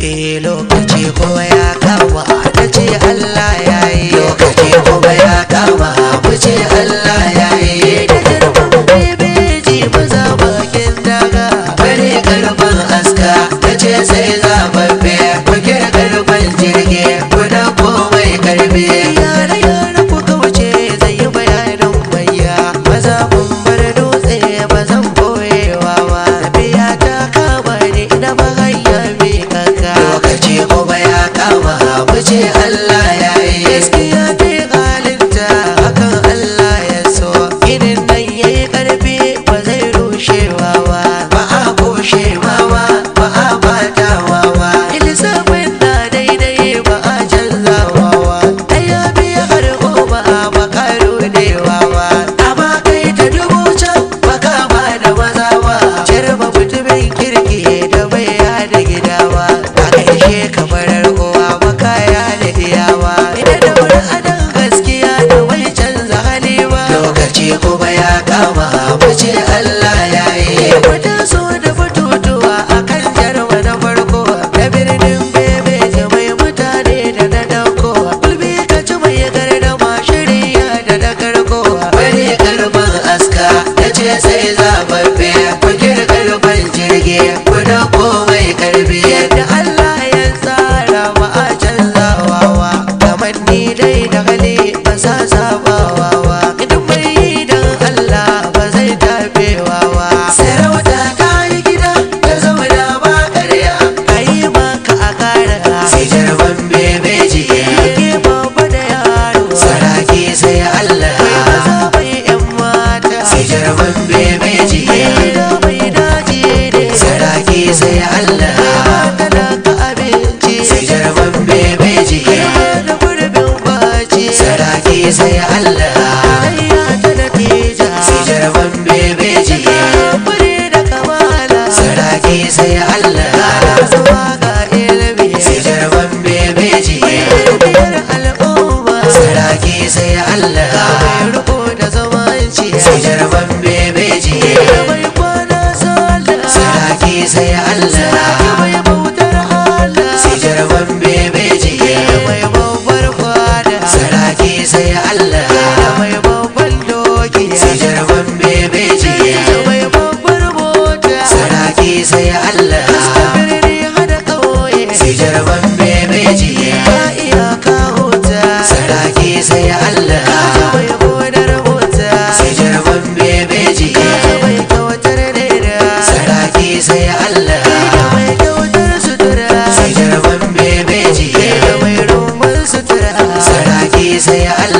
Eh lokaci kuma ya kama a ce Allah ya yi lokaci kuma ya kama a ce Allah ya komai sai Allah sai jarban bebeji saraki sai Allah Allah ya